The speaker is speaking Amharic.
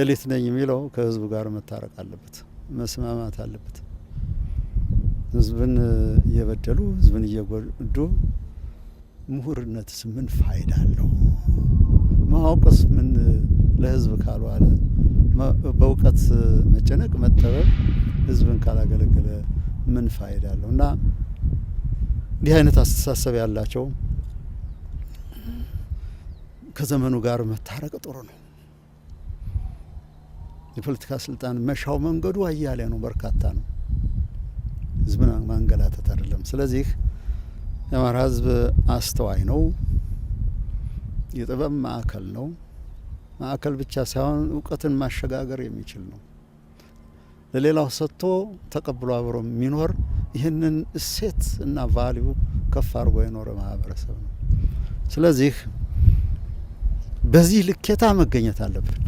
ኤሊት ነኝ የሚለው ከህዝቡ ጋር መታረቅ አለበት፣ መስማማት አለበት። ህዝብን እየበደሉ ህዝብን እየጎዱ ምሁርነትስ ምን ፋይዳ አለው? ማወቅስ ምን ለህዝብ ካልዋለ፣ በእውቀት መጨነቅ መጠበብ ህዝብን ካላገለገለ ምን ፋይዳ አለው? እና እንዲህ አይነት አስተሳሰብ ያላቸው ከዘመኑ ጋር መታረቅ ጥሩ ነው። የፖለቲካ ስልጣን መሻው መንገዱ አያሌ ነው፣ በርካታ ነው። ህዝብን ማንገላተት አይደለም። ስለዚህ የአማራ ህዝብ አስተዋይ ነው፣ የጥበብ ማዕከል ነው። ማዕከል ብቻ ሳይሆን እውቀትን ማሸጋገር የሚችል ነው። ለሌላው ሰጥቶ ተቀብሎ አብሮ የሚኖር ይህንን እሴት እና ቫሊዩ ከፍ አድርጎ የኖረ ማህበረሰብ ነው። ስለዚህ በዚህ ልኬታ መገኘት አለብን።